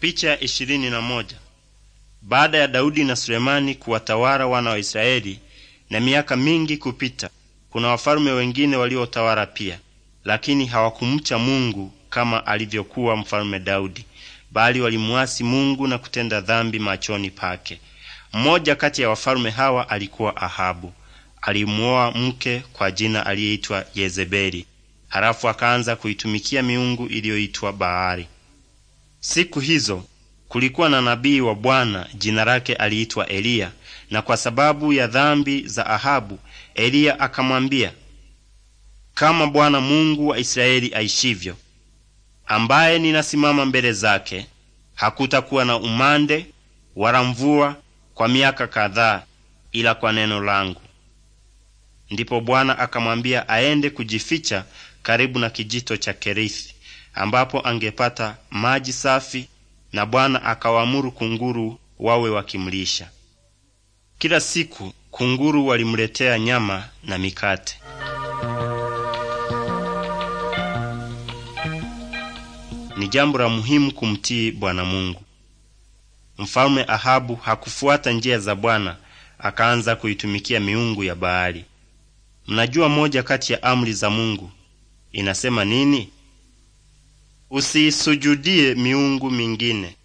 Picha ishirini na moja. Baada ya Daudi na Sulemani kuwatawala wana wa Israeli na miaka mingi kupita, kuna wafalme wengine waliotawala pia, lakini hawakumcha Mungu kama alivyokuwa mfalme Daudi, bali walimuasi Mungu na kutenda dhambi machoni pake. Mmoja kati ya wafalme hawa alikuwa Ahabu. Alimuoa mke kwa jina aliyeitwa Yezebeli, halafu akaanza kuitumikia miungu iliyoitwa Baali. Siku hizo kulikuwa na nabii wa Bwana jina lake aliitwa Eliya, na kwa sababu ya dhambi za Ahabu, Eliya akamwambia, kama Bwana Mungu wa Israeli aishivyo, ambaye ninasimama mbele zake, hakutakuwa na umande wala mvua kwa miaka kadhaa, ila kwa neno langu. Ndipo Bwana akamwambia aende kujificha karibu na kijito cha Kerithi ambapo angepata maji safi, na Bwana akawaamuru kunguru wawe wakimlisha. Kila siku kunguru walimletea nyama na mikate. Ni jambo la muhimu kumtii Bwana Mungu. Mfalme Ahabu hakufuata njia za Bwana, akaanza kuitumikia miungu ya Baali. Mnajua moja kati ya amri za Mungu inasema nini? Usiisujudie miungu mingine.